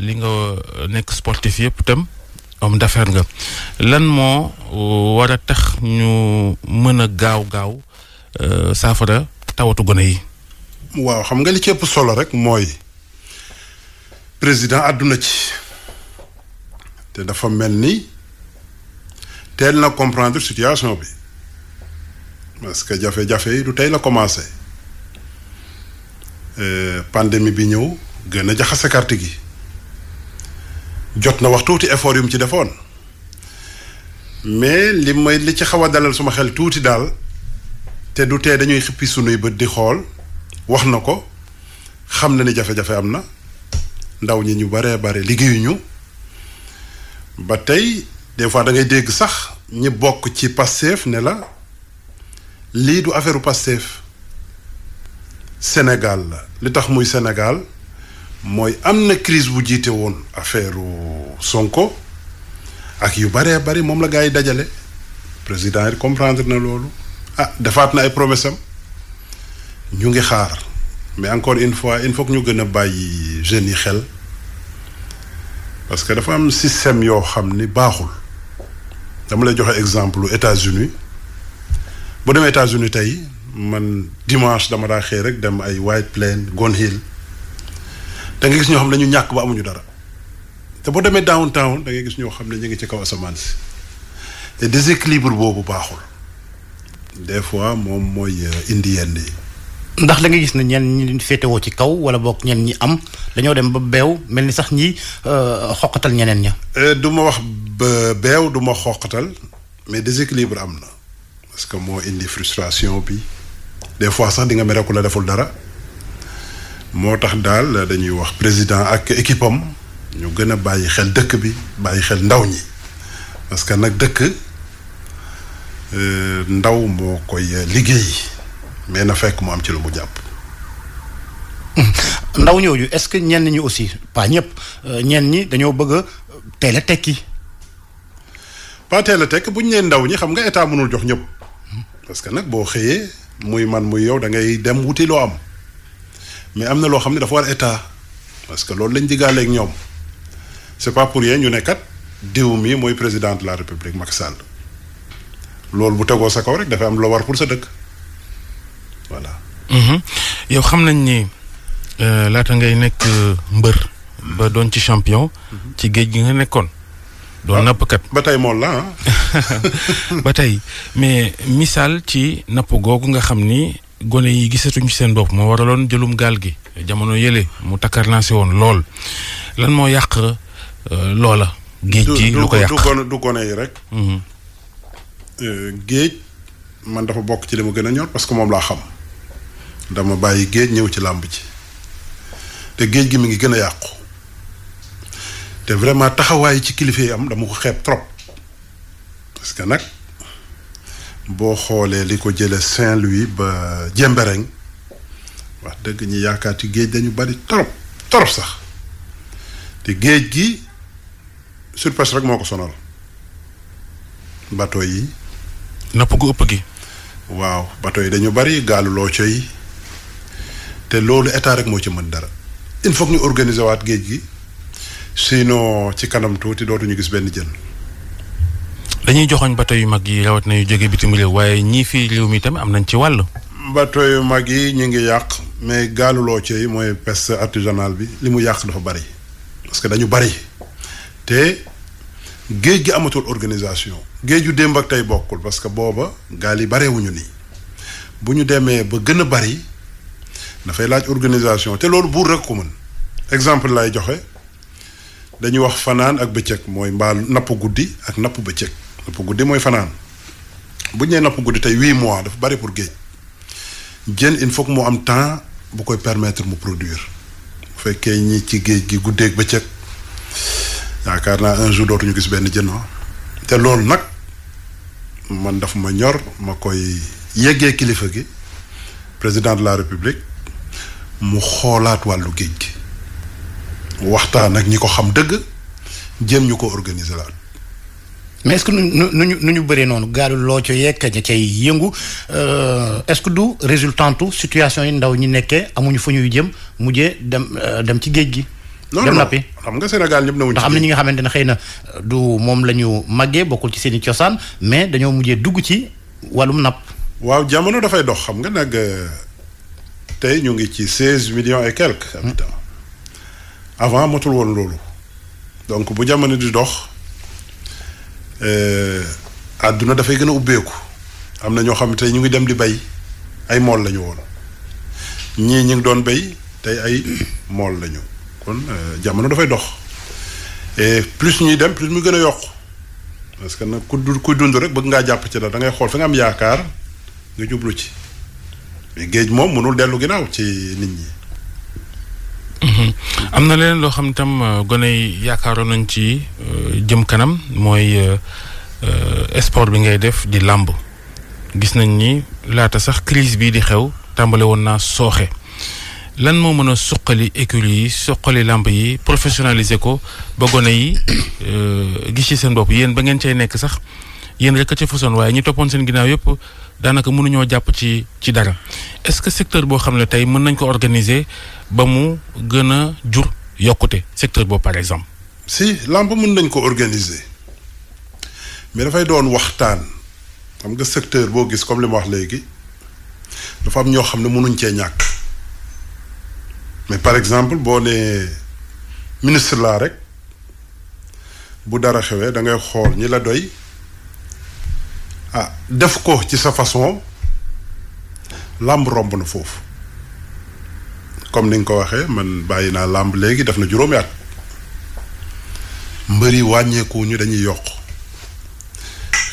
li nga euh, nekk sportif yëpp tam homme d'affaires nga lan moo euh, war a tax ñu mën a gaaw gaaw euh, saafara tawatu gone yi. waaw xam nga li ci ëpp solo rek mooy président àdduna ci te dafa mel ni teel na comprendre situation bi parce que jafe-jafe yi du tey la commencé pandémie bi ñëw gën a jaxase carte gi jot na wax tuuti effort yu mu ci defoon mais li may li ci xaw a dalal suma xel tuuti daal te du tee dañuy xippi sunuy bët di xool wax na ko xam na ni jafe-jafe am na ndaw ñi ñu baree bare liggéeyuñu ba tey des fois da ngay dégg sax ñi bokk ci Pastef ne la lii du affaire u Pastef Sénégal la li tax muy senegal mooy am na crise bu jiite woon affaire Sonko ak yu bëree bëri moom la gars yi dajale président yi comprendre na loolu ah defaat na ay promessam ñu ngi xaar mais encore une fois in faut que ñu gën a bàyyi jeunes yi xel parce que dafa am système yoo xam ni baaxul dama lay joxe exemple aux États-Unis bu demee États-Unis tey man dimanche dama daa xëy rek dem ay White Plain Gun Hill da nga gis ñoo xam ne ñu ñàkk ba amuñu dara te boo demee downtown da nga gis ñoo xam ne ñu ngi ci kaw asamaan si te déséquilibre boobu baaxul des fois moom mooy euh, indi yenn yi ndax la nga gis ne ñen ñi wo ci kaw wala bok ñen ñi am dañoo dem ba beew melni sax ñi euh, xoqatal ñeneen ña euh, du ma wax beew duma ma mais déséquilibre am na parce que moo indi frustration bi des fois sax di nga la deful dara moo tax daal dañuy wax président ak équipe am ñu gën a bàyyi xel dëkk bi bàyyi xel ndaw ñi parce que nag dëkk euh, ndaw moo koy liggéey mais na fekk mu am ci lu mu jàpp. ndaw ñooñu est-ce que ñenn ñi aussi pas ñëpp euh, ñenn ñi dañoo bëgg a teel tekki. pas teel tekki bu ñu nee ndaw ñi xam nga état mënul jox ñëpp hmm. parce que nag boo xëyee muy man muy yow da ngay dem wuti loo am. mais am na loo xam ne dafa war état parce que loolu lañ diggaaleeg ñoom c'est pas pour rien ñu nekkat kat diw mi mooy président de la république Macky Sall loolu bu tegoo sa kaw rek dafa am loo war pour sa dëkk voilà. Mhm. yow xam nañ ni euh, laata ngay nekk euh, mbër. ba doon ci champion. Mhm. ci géej gi nga nekkoon. doon nappkat ba tey mool la ah. ba tey mais misaal ci napp googu nga xam ni. gone yi gisatuñu seen bopp moo waraloon jëlum gaal gi jamono yële mu takkar lancé woon lool lan moo yàq euh, loola. géej gi lu ko yàq du gone du gone yi rek. Mm-hmm. Euh, géej man dafa bokk ci li ma gën a ñor parce que moom laa xam dama bàyyi géej ñëw ci làmb ji te géej gi mi ngi gën a yàqu te vraiment taxawaay ci kilifa yi am dama ko xeeb trop parce que nag. boo xoolee li ko jële Saint-Louis ba Jembereng wax dëgg ñi yaakaar ci géej dañu bari torop torop sax te géej gi surpêche rek moo ko sonal bato yi napp gu ëpp gi waaw bato yi dañu bari gaalu looco yi te loolu état rek moo ci mën dara il faut ñu organiser waat géej gi sinon ci kanam tuuti dootuñu gis benn jën dañuy joxoñ bato yu mag yi rawat na yu jóge bitim réew waaye ñii fii réew mi tamit am nañ ci wàll. bato yu mag yi ñu ngi yàq mais gaaluloo ci yi mooy pêche artisanale bi li mu yàq dafa bari parce que dañu bari te géej gi amatul organisation géej yu démb ak tey bokkul parce que booba gaal yi barewuñu nii bu ñu demee ba gën a bari dafay laaj organisation te loolu buur rek ko mën exemple lay joxe dañu wax fanaan ak bëccëg mooy mbaal napp guddi ak napp bëccëg. napp guddi mooy fanaan bu ñu nee napp guddi tey huit mois dafa bari pour géej jën il faut mu am temps bu koy permettre mu produire bu fekkee ñi ci géej gi guddeeg bëccëg yaakaar naa un jour dootuñu gis benn jën ah. te loolu nag man daf ma ñor ma koy yeggee kilifa gi président de la république mu xoolaat wàllu géej gi waxtaan ak ñi ko xam dëgg jéem ñu ko organiser laat mais est-ce que nous nous nu Nous Nous euh, est-ce que du situation yi ndaw ñi nous amuñu fu jëm nous dem euh, dem ci nous gi. non dem nappi xam nga Sénégal pas newuñ ci Nous nga ne euh, du mais dañoo mujjé dugg ci walum nap waaw jamono fay dox xam nga ci 16 millions et quelques hmm. avant matul donc bu jamono di dox. Euh, àdduna dafay gën a ubbeeku am na ñoo xam tey ñu ngi dem di bay ay mool lañu ñu woon ñii ñu ngi doon bay tey ay mool lañu ñu kon euh, jamono dafay dox et plus ñuy dem plus mu gën a yokk parce que nag ku dund ku dund rek bëgg ngaa jàpp ci la da xool fi nga am yaakaar nga jublu ci géej moom mënul dellu ginnaaw ci nit ñi. Mm-hmm. am na leneen loo xam tam euh, gone yi yaakaaroon nañ ci euh, jëm kanam mooy euh, sport bi ngay def di làmb gis nañ ni laata sax crise bii di xew tàmbale woon naa sooxe lan moo mën a suqali écurie yi suqali làmb yi professionnaliser ko ba gone yi gis ci seen bopp yéen ba ngeen cay nekk sax yéen rek a ca fasoon waaye ñi toppoon seen ginnaaw yëpp daanaka mënuñoo jàpp ci ci dara est-ce que secteur boo xam ne tey mën nañ ko organiser ba mu gën a jur yokkute secteur boobu par exemple. si làmp mën nañ ko organiser mais dafay doon waxtaan xam nga secteur boo gis comme li ma wax léegi dafa am ñoo xam ne mënuñ cee ñàkk mais par exemple boo nee ministre laa rek bu dara xewee da ngay xool ñi la doy. ah def ko ci sa façon làmb romb na foofu comme ni nga ko waxee man bàyyi naa làmb léegi def na juróomi at mbër yi wàññeeku ñu dañuy yokk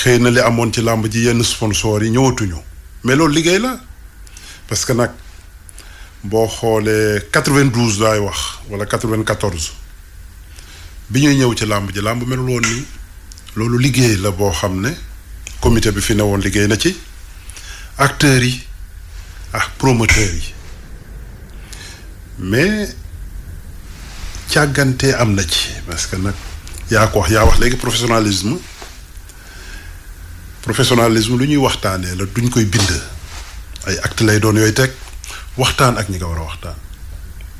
xëy na li amoon ci làmb ji yenn sponsor yi ñëwatuñu mais liggéey la parce que nag boo xoolee 92 daay wax wala 94 bi ñuy ñëw ci làmb ji làmb melul woon nii loolu liggéey la boo xam ne. comité bi fi ne newoon liggéey na ci acteurs yi ah promoteurs yi mais càggante am na ci parce nag yaa ko wax yaa wax léegi professionnalisme professionnalisme lu ñuy waxtaanee la duñ koy bind ay acte lay doon yooyu teg waxtaan ak ñi nga war a waxtaan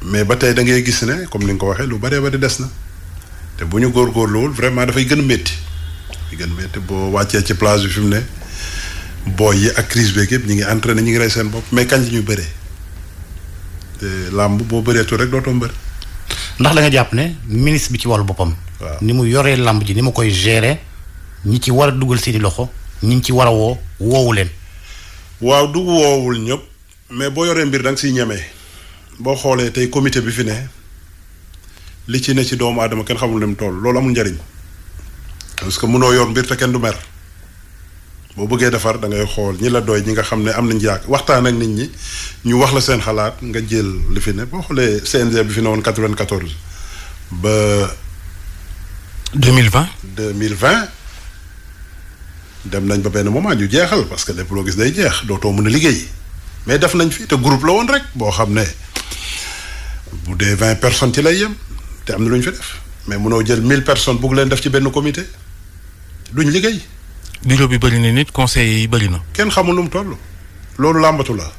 mais ba tey da ngay gis ne comme ni nga ko waxee lu baree bari des na te bu ñu góor góor loolu vraiment dafay gën a métti bi gën metti boo wàccee ci place bi fi mu ne booy yi ak crise beeg yëpp ñu ngi entraîné ñu ngi rey seen bopp mais kañ la ñu bëree làmb boo bëreetu rek dootoo mbër. ndax da nga jàpp ne ministre bi ci wàllu boppam. waaw ni mu yoree làmb ji ni ma koy gérer ñi ci war a dugal seeni loxo ñi ñu ci war a woo woowu leen. waaw du woowul ñëpp mais boo yoree mbir da nga siy ñemee boo xoolee tey comité bi fi ne li ci ne ci doomu aadama kenn xamul ne mu tool loolu amul njariñ parce que mënoo yor mbir te kenn du mer boo bëggee defar da ngay xool ñi la doy ñi nga xam ne am nañ yàgg waxtaan ak nit ñi ñu wax la seen xalaat nga jël li fi ne boo xoolee CNG bi fi ne 94 ba. 2020 2020 dem nañ ba benn moment ñu jeexal parce que lépp loo gis day jeex dootoo mën a liggéey mais def nañ fi te groupe la woon rek boo xam ne bu dee 20 personnes ci lay yem te am na lu fi def mais mënoo jël 1000 personnes bugg leen def ci benn comité duñ liggéey. bureau bi bari na nit conseil yi bari na. kenn xamul lu mu toll loolu làmbatu la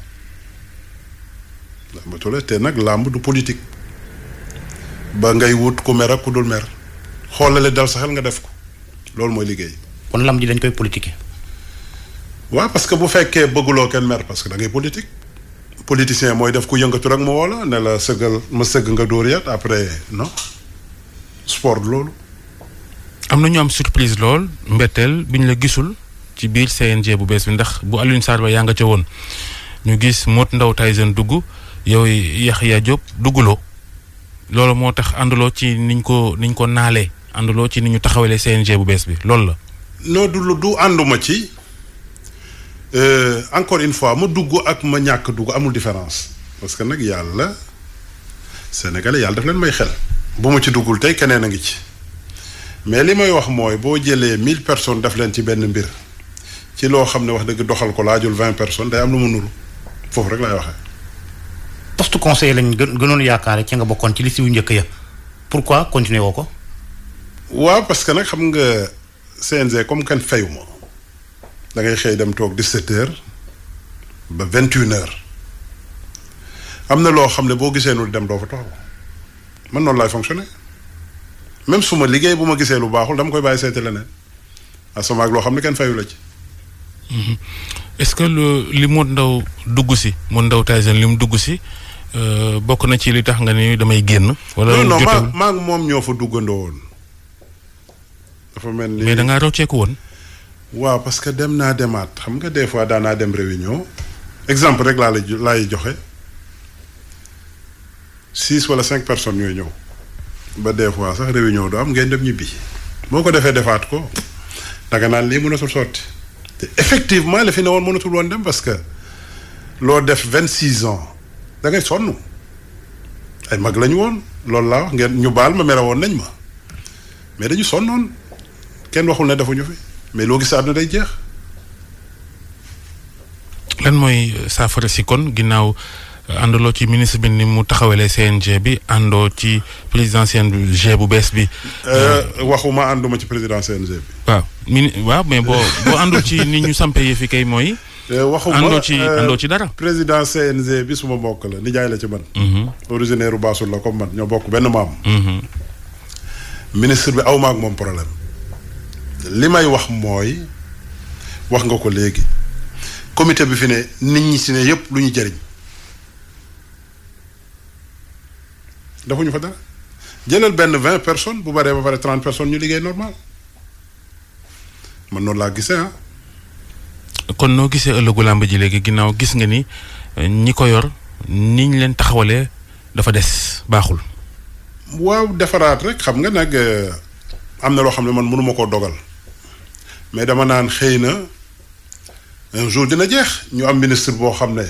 làmbatu la te nag làmb du politique ba ngay wut ku mer ak ku dul mer xoolale dal sa nga def ko loolu mooy liggéey. kon lam di dañ koy politique waaw parce que bu fekkee bëgguloo kenn mer parce que da ngay politique politicien mooy def ku yëngatu rek mu woo ne la sëggal ma sëgg nga dóor yaat après non sport loolu. am na ñu am surprise lool mbetteel bi ñu la gisul ci biir CNG bu bees bi ndax bu allin Sarr ba yaa nga ca woon ñu gis moot ndaw Ndao Tyson dugg yow yaa jóg dugguloo loolu moo tax ànduloo ci niñ ko niñ ko naalee ànduloo ci ni ñu taxawalee CNG bu bees bi loolu la. noo du du ànduma ci euh, encore une fois ma dugg ak ma ñàkk dugg amul différence parce que nag yàlla sénégalais yàlla daf leen may xel bu ma ci duggul tey keneen a ngi ci. mais li may wax mooy boo jëlee mille personnes def leen ci benn mbir ci loo xam ne wax dëgg doxal ko laajul vingt personnes day am lu mu nuru foofu rek lay waxee. poste conseiller lañ gën gënoon yaakaar ci nga bokkoon ci liste wu njëkk ya pourquoi continuer woo ko. waaw parce que nag xam nga CNG comme kan fayuma da ngay xëy dem toog 17 heures ba 21 heures am na loo xam ne boo gisee nu dem doo fa taxaw man noonu lay fonctionner. même suma liggéey bu ma gisee lu baaxul dama koy bàyyi seeti leneen asama ak loo xam ne kenn fayu la ci. Mm-hmm. est-ce que lu li mu ndaw dugg si mu ndaw Tyson li mu dugg si euh, bokk na ci li tax nga ni damay génn. wala non non maa moom ñoo fa duggandoo mel ni mais da ngaa rocceeku woon. waaw parce que dem naa demaat xam nga des fois daanaa dem ñëw exemple rek laa lay laay joxe six wala cinq personnes yooy ñëw. ba des fois sax réunion du am ngeen dem ñibbi boo ko defee defaat ko daga naan lii effectivement la fi ne parce que def ans da ngay ay mag woon loolu wax ngeen ñu baal ma nañ ma mais dañu kenn waxul mais loo gis àdduna day jeex. Euh, si àndaloo ci ministre bi ni mu taxawalee CNG bi àndoo ci président CNG bu bees bi. Euh, waxuma ànduma ci président CNG bi. waaw mini mais boo boo àndul ci nit ñu sampe yi fi kay mooy. Euh, waxuma ci euh, àndoo ci dara. président CNG bi suma mbokk la nijaay la ci man. Mhm. originaire u Baasul la comme man ñoo bokk benn maam. Mhm. ministre bi aw ak moom problème. li may wax mooy wax nga ko léegi comité bi fi ne nit ñi si ne yëpp lu ñu jëriñ. defuñu fa dara jëlal benn vingt personnes bu baree ba pare trente personnes ñu liggéey normal man noonu laa gisee ah. kon noo gisee ëllëgu làmb ji léegi ginnaaw gis nga ni ñi ko yor niñ leen taxawalee dafa des baaxul. waaw defaraat rek xam nga nag am na loo xam ne man mënuma koo dogal mais dama naan xëy na un jour dina jeex ñu am ministre boo xam ne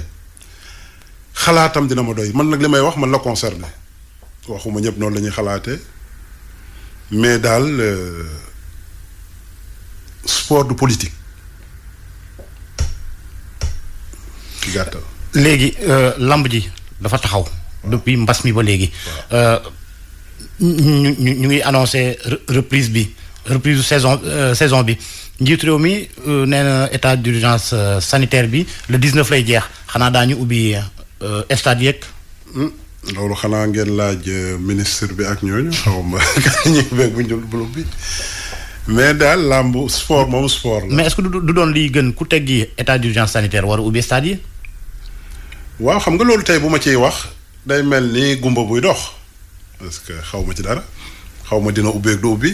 xalaatam dina ma doy man nag li may wax man la concerné. waxuma ñëpp noonu la ñuy mais mais daal euh, sport de politique les gàttal. léegi euh, lamb ji dafa taxaw. depuis mbas mi ba léegi. Euh, ñu ngi annoncé reprise bi reprise saison saison bi njiitu réew mi nee état d'urgence sanitaire bi le 19 lay jeex xanaa daañu ubbi stade yeeg. Hmm loolu xanaa ngeen laaj euh, ministre bi ak ñooñu xaw ma ñu beeg bu njël bloc bi mais daal làmbu sport moom sport la. mais est-ce que du doon liy gën ku teggi état d'urgence sanitaire war a ubbi stade yi. waaw xam nga loolu tey bu ma ciy wax day mel ni gumba buy dox parce que xaw ma ci dara xaw ma dina ubbeeg du ubbi.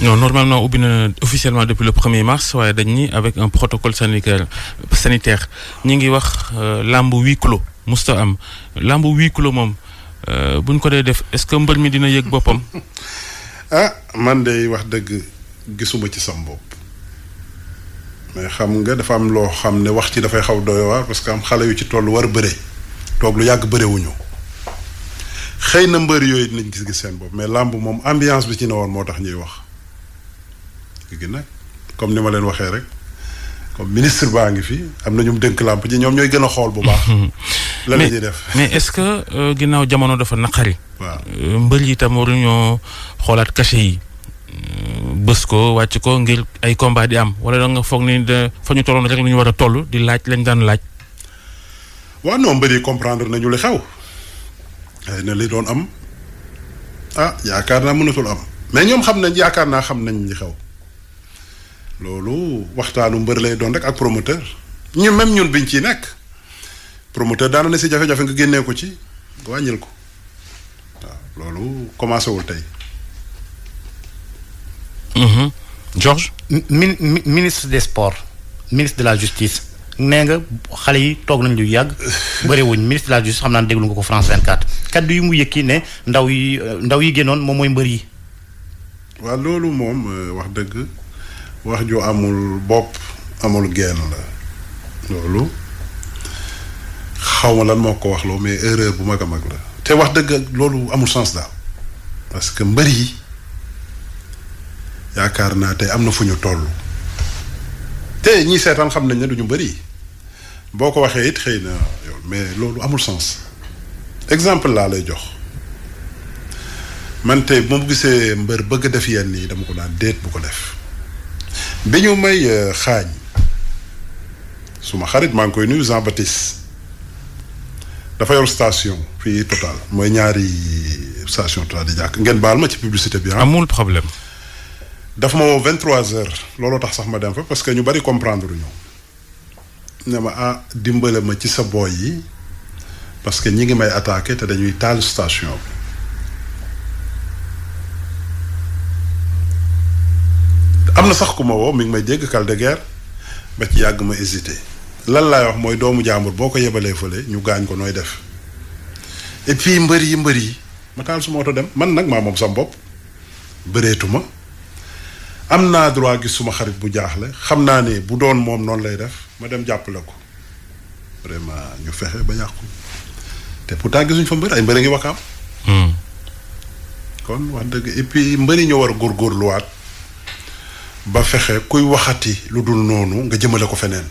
non normalement ubbi na officiellement depuis le 1er mars waaye dañ ni avec un protocole sanitaire sanitaire ñi ngi wax euh, làmb huis clos. musta am lamb huis clos moom euh, bu ñu ko dee def est-ce que mbër mi dina yëg boppam. ah man de wax dëgg gisuma ci sam bopp mais xam nga dafa am loo xam ne wax ci dafay xaw doy waar parce que am xale yu ci toll war bëre toog lu yàgg bëre wuñu xëy na mbër yooyu dinañ gis-gis seen bopp mais làmb moom ambiance bi ci ne woon moo tax ñuy wax léegi nag comme ni ma leen waxee rek comme ministre baa ngi fii am na ñu dënk làmb ji ñoom ñooy gën a xool bu baax. la meh, def mais est-ce que euh, ginnaaw jamono dafa naqari. waaw euh, mbër yi tam waruñoo xoolaat cachet yi. Euh, bës ko wàcc ko ngir ay combat di am wala da nga foog ni de fa ñu tolloon rek war a toll di laaj lañ daan laaj. waaw non mbër yi comprendre nañu li xew. na li doon am. ah yaakaar naa mënatul am. mais ñoom xam nañ yaakaar naa xam nañ li xew. loolu waxtaanu mbër lay doon rek ak promoteur. même ñun biñ ciy nekk. promoteur daana ne si jafe-jafe nga génnee ko ci nga wàññil ko waaw loolu commencé wul tey. Mhm. Georges. min ministre des sports ministre de la justice nee nga xale yi toog nañ lu yàgg bëriwuñ ministre de la justice xam naa déglu nga ko France 24 kaddu yi mu yëkki ne ndaw yi ndaw yi génnoon moom mooy mbër yi. waaw loolu moom euh, wax dëgg wax ju amul bopp amul genn loolu. lan wax mais erreur bu mag a mag la te wax dëgg loolu amul sens parce que mbër yi yaakaar naa tey am te ñi seetaan xam nañ ne du ñu it mais loolu amul sens exemple laa lay jox man tey bu ma gisee mbër bëgg def yenn ni dama ko naan déet bu ko def bi may euh, suma xarit dafa yor station fii Total mooy ñaari station Total di jàkk ngeen baal ma ci publicité bi ah. amul problème dafa ma woo vingt trois looloo tax sax ma dem fa parce que ñu bari comprendre ñu ne ma ah dimbale ma ci sa booy yi parce que ñi ngi may attaqué te dañuy taal station bi am na sax ku ma woo mi ngi may dégg kal de guerre ba ci yàgg ma hésité lan laay wax mooy doomu jàmbur boo ko yebalee fële ñu gaañ ko nooy def et puis mbër yi mbër yi ma taal suma oto dem man nag maa moom sam bopp bëreetuma am naa droit gis suma xarit bu jaaxle xam naa ne bu doon moom noonu lay def ma dem jàppale ko vraiment ñu fexe ba yàqu te pourtant gisuñ fa mbër ay mbër a ngi wakaam hmm. kon wax dëgg et puis mbër yi ñoo war a góorgóorluwaat ba fexe kuy waxati lu dul noonu nga jëmale ko feneen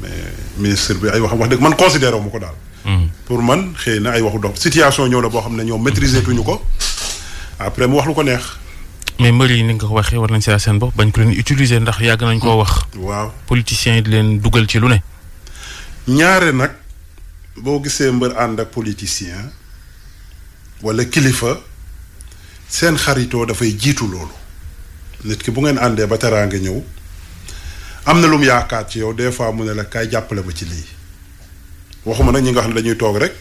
mais ministre bi ay wax wax dëgg man considéré wu ma ko daal. Hmm. pour man xëy na ay waxu dox situation ñëw na boo xam ne ñoom maîtriser tuñu ko après mu wax lu ko neex. mais mbër yi ni nga ko waxee war nañ si seen bopp bañ ko leen utiliser ndax yàgg nañ koo hmm. wax. waaw politiciens yi di leen dugal ci lu ne. ñaare nag boo gisee mbër ànd ak politicien wala kilifa seen xaritoo dafay jiitu loolu nit ki bu ngeen àndee ba teraanga ñëw. am na lu mu yaakaar ci yow des fois mu ne la kaay jàppale ma ci lii waxuma nag ñi nga xam ne dañuy toog rek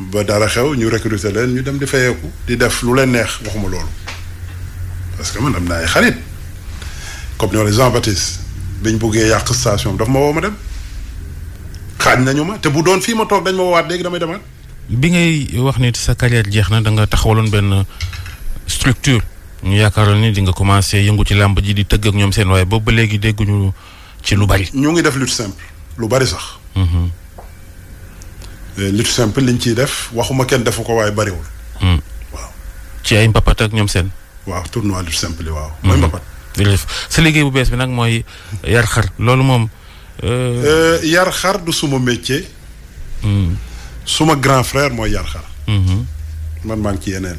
ba dara xew ñu recruter leen ñu dem di fayeeku di def lu leen neex waxuma loolu parce que man am na ay xarit comme ñoo Jean Baptiste biñ buggee yàq station daf ma woo ma dem xaaj nañu ma te bu doon fii ma toog dañ ma woowaat léegi damay demaat. bi ngay wax ni sa carrière jeex na da nga taxawaloon benn structure. ñu yaakaaroon ni di nga commencé yëngu ci làmb ji di tëgg ak ñoom seen waaye boobu ba léegi dégguñu ci lu bari. ñu ngi def lutte simple lu bari sax. Mhm. Euh, lutte simple liñ def waxuma kenn defu ko waaye bariwul. Mhm. ay mbapat ñoom seen. waaw tournoi lutte simple waaw. Mhm. mooy mbapat. jërëjëf sa liggéey bu bees bi nag mooy yar xar loolu moom. Euh, euh, yar xar du suma métier. suma grand frère mooy yar xar. man maa ngi ci yeneen.